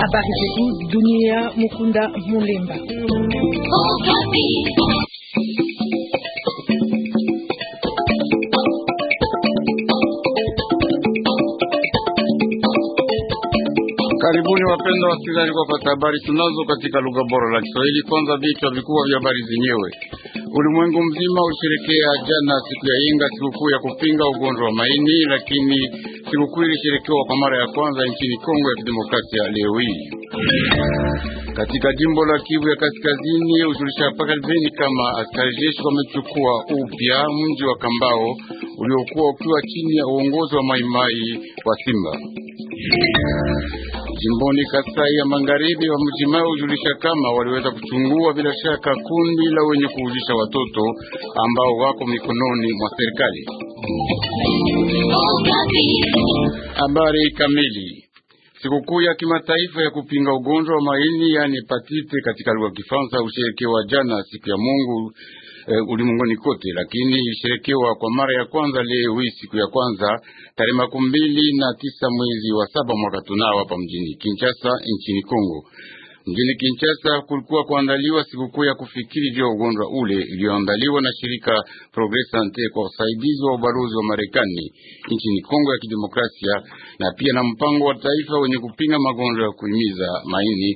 Habari zetu dunia, Mukunda Mulemba. Karibuni wapenda wasikilizaji, kupata habari tunazo katika lugha bora la Kiswahili. Kwanza vichwa vikubwa vya habari zenyewe. Ulimwengu mzima ulisherekea jana siku ya Inga, sikukuu ya kupinga ugonjwa wa maini, lakini sikukuu ilisherekewa kwa mara ya kwanza nchini Kongo ya Kidemokrasia leo hii katika jimbo la Kivu ya Kaskazini. Ujulisha paka Beni kama askari jeshi wamechukua upya mji wa Kambao uliokuwa ukiwa chini ya uongozi wa Maimai wa Simba. Jimboni Kasai ya Magharibi wa mjimao ujulisha kama waliweza kuchungua bila shaka kundi la wenye kuuzisha watoto ambao wako mikononi mwa serikali. Habari kamili. Sikukuu ya kimataifa ya kupinga ugonjwa wa maini yani patite katika lugha ya Kifaransa usherekewa jana siku ya Mungu e, ulimwenguni kote, lakini ilisherekewa kwa mara ya kwanza leo hii siku ya kwanza tarehe makumi mbili na tisa mwezi wa saba mwaka tunao hapa mjini Kinshasa nchini Kongo. Mjini Kinshasa kulikuwa kuandaliwa sikukuu ya kufikiri juu ya ugonjwa ule iliyoandaliwa na shirika Progress Sante kwa usaidizi wa ubalozi wa Marekani nchini Kongo ya Kidemokrasia na pia na mpango wa taifa wenye kupinga magonjwa ya kuimiza maini.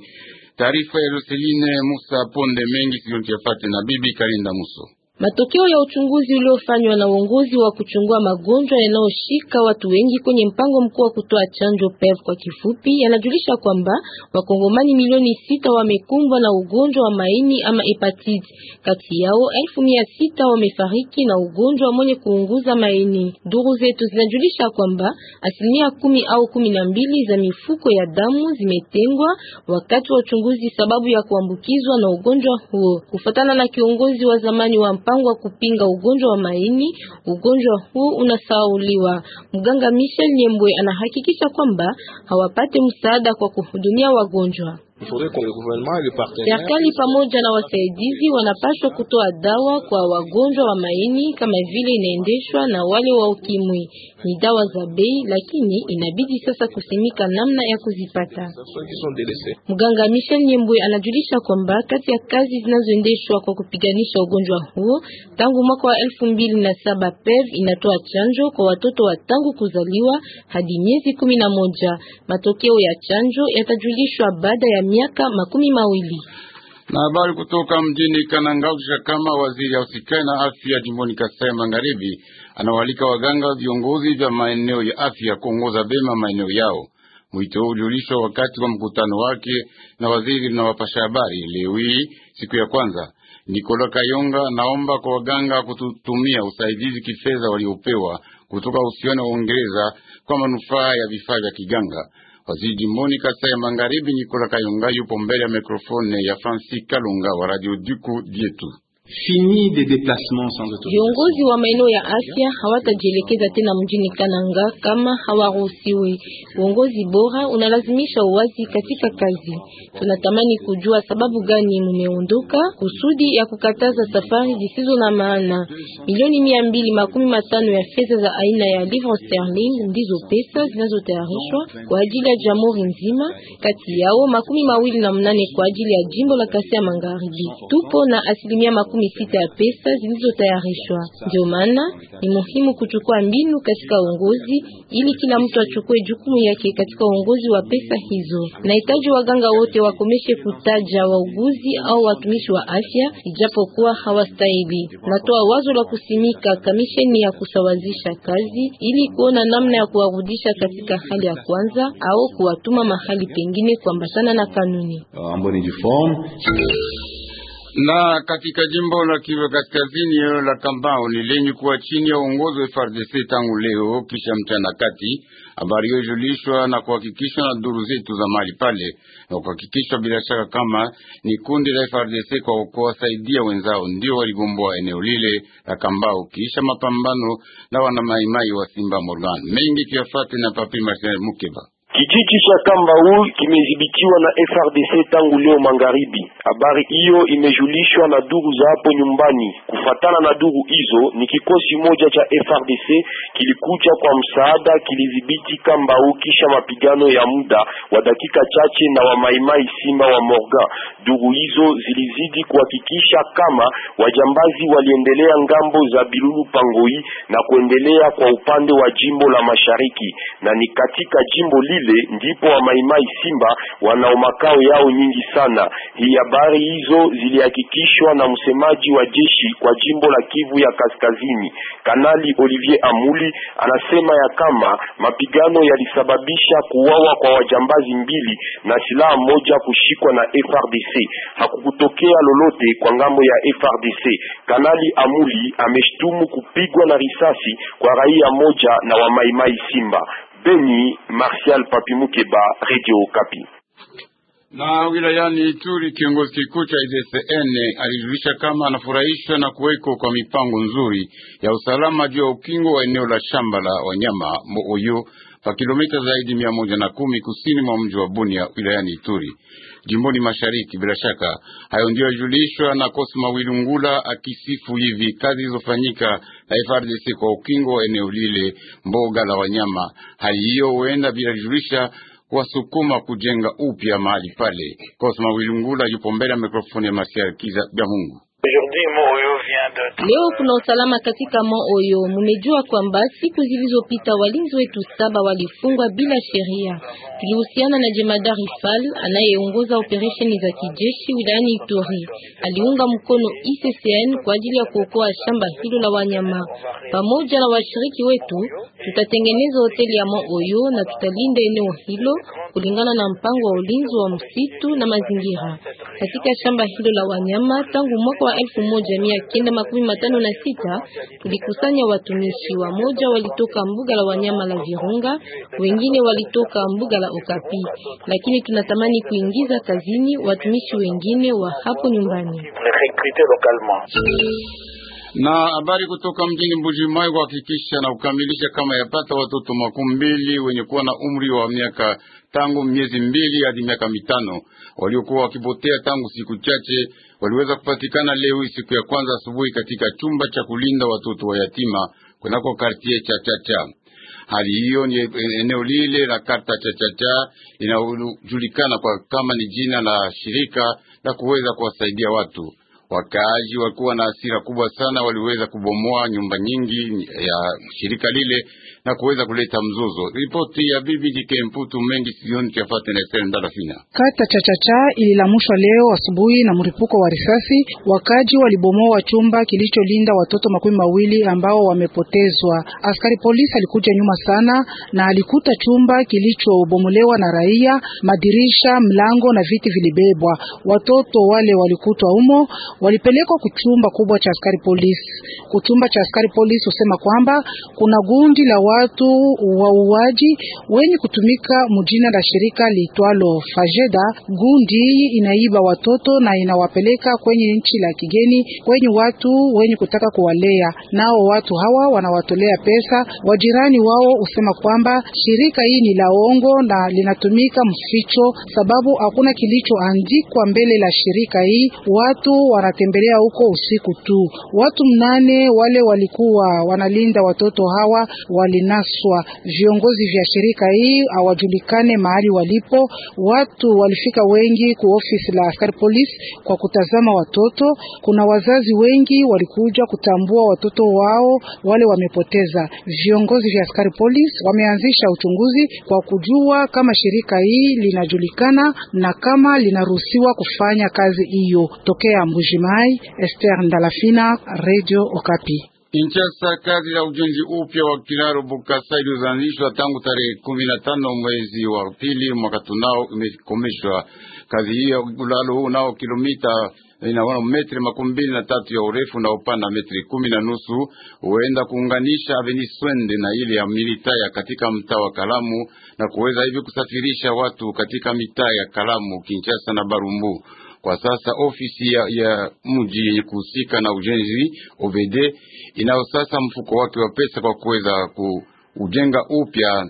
Taarifa ya Roseline Musa Ponde mengi siyote na bibi kalinda Muso. Matokeo ya uchunguzi uliofanywa na uongozi wa kuchungua magonjwa yanayoshika watu wengi kwenye mpango mkuu wa kutoa chanjo PEV kwa kifupi, yanajulisha kwamba wakongomani milioni sita wamekumbwa na ugonjwa wa maini ama hepatitis. Kati yao elfu mia sita wamefariki na ugonjwa mwenye kuunguza maini. Duru zetu zinajulisha kwamba asilimia kumi au kumi na mbili za mifuko ya damu zimetengwa wakati wa uchunguzi sababu ya kuambukizwa na ugonjwa huo, kufuatana na kiongozi wa zamani wa mpango wa kupinga ugonjwa wa maini, ugonjwa huu unasauliwa. Mganga Michel Nyembwe anahakikisha kwamba hawapate msaada kwa kuhudumia wagonjwa. Serikali pamoja na wasaidizi wanapaswa kutoa dawa kwa wagonjwa wa maini kama vile inaendeshwa na wale wa ukimwi. Ni dawa za bei, lakini inabidi sasa kusimika namna ya kuzipata. Mganga Michel Nyembwe anajulisha kwamba kati ya kazi zinazoendeshwa kwa kupiganisha ugonjwa huo tangu mwaka wa elfu mbili na saba PEV inatoa chanjo kwa watoto wa tangu kuzaliwa hadi miezi kumi na moja. Matokeo ya chanjo yatajulishwa baada ya miaka makumi mawili. Na habari kutoka mjini Kanangausha, kama waziri ya usikani na afya jimboni Kasai Magharibi anawalika waganga viongozi vya maeneo ya afya kuongoza bema maeneo yao. Mwito huu wakati wa mkutano wake na waziri na wapasha habari leo hii siku ya kwanza. Nikola Kayonga naomba kwa waganga kututumia usaidizi kifedha waliopewa kutoka usioni wa Uingereza kwa manufaa ya vifaa vya kiganga. Waziri jimboni Kasai ya Magharibi Nikola Kayunga yupo mbele ya mikrofone ya Francis Kalunga wa Radio Duku Dietu fini des déplacements sans autorisation. Viongozi wa maeneo ya afya hawatajielekeza tena mjini Kananga kama hawaruhusiwi. Uongozi bora unalazimisha uwazi katika kazi. Tunatamani kujua sababu gani mumeondoka kusudi ya kukataza safari zisizo na maana. Milioni mia mbili makumi matano ya fedha za aina ya livre sterling ndizo pesa zinazotayarishwa kwa ajili ya jamhuri nzima, kati yao makumi mawili na mnane kwa ajili ya jimbo la Kasai ya Magharibi. Tupo na asilimia makumi makumi sita ya pesa zilizotayarishwa. Ndio maana ni muhimu kuchukua mbinu katika uongozi, ili kila mtu achukue jukumu yake katika uongozi wa pesa hizo. Nahitaji waganga wote wakomeshe kutaja wauguzi au watumishi wa afya, ijapokuwa hawastahili. Natoa wazo la kusimika kamisheni ya kusawazisha kazi, ili kuona namna ya kuwarudisha katika hali ya kwanza au kuwatuma mahali pengine kuambatana na kanuni. Na katika jimbo la Kivu Kaskazini, la Kambao ni lenye kuwa chini ya uongozi wa FARDC tangu leo kisha mchana kati. Habari hiyo ijulishwa na kuhakikishwa na duru zetu za mali pale na kuhakikishwa bila shaka kama ni kundi la FARDC kwa kuwasaidia wenzao ndio walibomboa eneo lile la Kambao kisha mapambano na wanamaimai wa Simba Morgan. Mengi tuyafate na Papi Marcel Mukeba. Kijiji cha Kambaul kimedhibitiwa na FRDC tangu leo magharibi. Habari hiyo imejulishwa na duru za hapo nyumbani. Kufatana na duru hizo, ni kikosi moja cha FRDC kilikuja kwa msaada, kilidhibiti Kambaul kisha mapigano ya muda wa dakika chache na wamaimai Simba wa Morgan. Duru hizo zilizidi kuhakikisha kama wajambazi waliendelea ngambo za Bilulu Pangoi na kuendelea kwa upande wa jimbo la Mashariki, na ni katika jimbo lile vile ndipo wa Maimai Simba wanao makao yao nyingi sana. Hii habari hizo zilihakikishwa na msemaji wa jeshi kwa jimbo la Kivu ya Kaskazini, Kanali Olivier Amuli, anasema ya kama mapigano yalisababisha kuwawa kwa wajambazi mbili na silaha moja kushikwa na FRDC. Hakukutokea lolote kwa ngambo ya FRDC. Kanali Amuli ameshtumu kupigwa na risasi kwa raia moja na wa Maimai Simba. Beni, Martial Papimukeba, Radio Kapi. Na wilayani Ituri, kiongozi kikuu cha IZSN alijulisha kama anafurahishwa na kuweko kwa mipango nzuri ya usalama juu ya ukingo wa eneo la shamba la wanyama Mooyo pa kilomita zaidi mia moja na kumi kusini mwa mji wa Bunia wilayani Ituri jimboni mashariki. Bila shaka hayo ndio yajulishwa na Kosma Wilungula akisifu hivi kazi zilizofanyika na FRDC kwa ukingo wa eneo lile mboga la wanyama. Hali hiyo huenda vinajulisha kuwasukuma kujenga upya mahali pale. Kosma Wilungula yupo mbele ya mikrofoni ya Masiarikiza Bya Leo kuna usalama katika mo oyo. Mumejua kwamba siku zilizopita walinzi wetu saba walifungwa bila sheria. Tulihusiana na jemadari Fal anayeongoza operesheni za kijeshi wilayani Ituri. Aliunga mkono ICCN kwa ajili ya kuokoa shamba hilo la wanyama. Pamoja na washiriki wetu, tutatengeneza hoteli ya mo oyo na tutalinda eneo hilo kulingana na mpango wa ulinzi wa msitu na mazingira katika shamba hilo la wanyama. Tangu mwaka wa elfu moja mia kenda makumi matano na sita kulikusanya watumishi wamoja, walitoka mbuga la wanyama la Virunga, wengine walitoka mbuga la Okapi, lakini tunatamani kuingiza kazini watumishi wengine wa hapo nyumbani na habari kutoka mjini Mbujimai kuhakikisha na kukamilisha kama yapata watoto makumi mbili wenye kuwa na umri wa miaka tangu miezi mbili hadi miaka mitano. Waliokuwa wakipotea tangu siku chache waliweza kupatikana leo siku ya kwanza asubuhi katika chumba cha kulinda watoto wa yatima kunako kartie cha Chacha. Hali hiyo ni eneo lile la karta cha Chacha inajulikana kwa kama ni jina la shirika la kuweza kuwasaidia watu Wakaaji wakuwa na hasira kubwa sana, waliweza kubomoa nyumba nyingi ya shirika lile na kuweza kuleta mzozo. Ripoti ya bibi Jike Mputu mengi sioni cha na Esther Ndalafina. Kata Chachacha ililamushwa leo asubuhi na mripuko wa risasi. Wakaaji walibomoa chumba kilicholinda watoto makumi mawili ambao wamepotezwa. Askari polisi alikuja nyuma sana na alikuta chumba kilichobomolewa na raia, madirisha, mlango na viti vilibebwa. Watoto wale walikutwa humo walipelekwa kuchumba kubwa cha askari polisi. Kuchumba cha askari polisi husema kwamba kuna gundi la watu wauaji wenye kutumika mjina la shirika liitwalo Fajeda. Gundi hii inaiba watoto na inawapeleka kwenye nchi la kigeni kwenye watu wenye kutaka kuwalea, nao watu hawa wanawatolea pesa. Wajirani wao husema kwamba shirika hii ni laongo na linatumika mficho, sababu hakuna kilichoandikwa mbele la shirika hii. Watu wana wanatembelea huko usiku tu. Watu mnane wale walikuwa wanalinda watoto hawa walinaswa. Viongozi vya shirika hii hawajulikane mahali walipo. Watu walifika wengi ku ofisi la askari polisi kwa kutazama watoto. Kuna wazazi wengi walikuja kutambua watoto wao wale wamepoteza. Viongozi vya askari polisi wameanzisha uchunguzi kwa kujua kama shirika hii linajulikana na kama linaruhusiwa kufanya kazi hiyo tokea Mbuji Mai, Esther Ndalafina, Radio Okapi. Nchi ya ya ujenzi upya wa kinaro Bukasa iliyoanzishwa tangu tarehe kumi na tano mwezi wa pili mwaka tunao imekomeshwa. Kazi hiyo ulalo huu nao kilomita inaona eh, metri makumi mbili na tatu ya urefu na upana metri kumi na nusu huenda kuunganisha aveni swende na ile ya Militaya katika mtaa wa Kalamu na kuweza hivi kusafirisha watu katika mitaa ya Kalamu, Kinshasa na Barumbu. Kwa sasa ofisi ya, ya mji yenye kuhusika na ujenzi OVD inayo sasa mfuko wake wa pesa kwa kuweza kujenga upya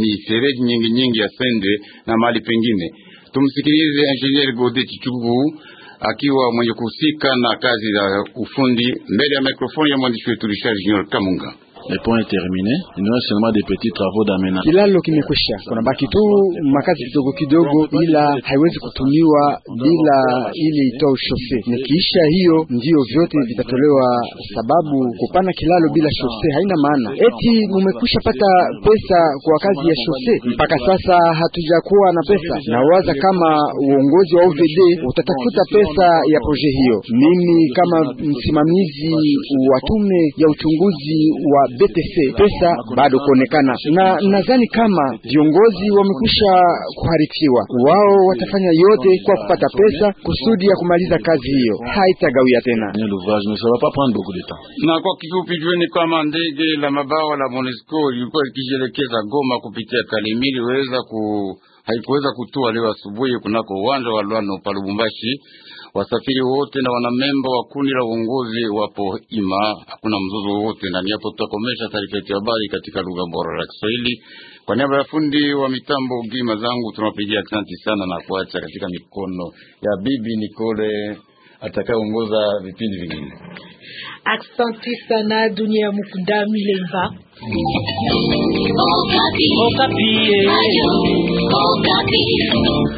mifereji nyingi nyingi ya sende na mali pengine. Tumsikilize Engineer Godet Chichugu akiwa mwenye kuhusika na kazi za ufundi mbele ya mikrofoni ya mwandishi wetu Richard Junior Kamunga. Kilalo kimekwisha, kuna baki tu makazi kidogo kidogo, ila haiwezi kutumiwa bila ili itoa ushose. Nikiisha hiyo, ndiyo vyote vitatolewa, sababu kupana kilalo bila shose haina maana. Eti mumekwisha pata pesa kwa kazi ya shose? Mpaka sasa hatujakuwa na pesa. Nawaza kama uongozi wa OVD utatafuta pesa ya proje hiyo. Mimi kama msimamizi wa tume ya uchunguzi wa BTC pesa bado kuonekana, na nadhani kama viongozi wamekwisha kuharifiwa, wao watafanya yote kwa kupata pesa kusudi ya kumaliza kazi hiyo, haitagawia tena. Na kwa kifupi, jueni kama ndege la mabawa la MONUSCO ilikuwa likijielekeza Goma kupitia Kalemi liweza ku haikuweza kutua leo asubuhi kunako uwanja wa Lwano pa Lubumbashi. Wasafiri wote na wanamemba wa kundi la uongozi wapo ima, hakuna mzozo wote na niapo Tutakomesha taarifa yetu ya habari katika lugha bora ya Kiswahili. Kwa niaba ya fundi wa mitambo gima zangu, tunawapigia asante sana na kuacha katika mikono ya bibi Nicole atakayeongoza vipindi vingine. Asante sana dunia mukunda milemba Okapi. Okapi. Eh.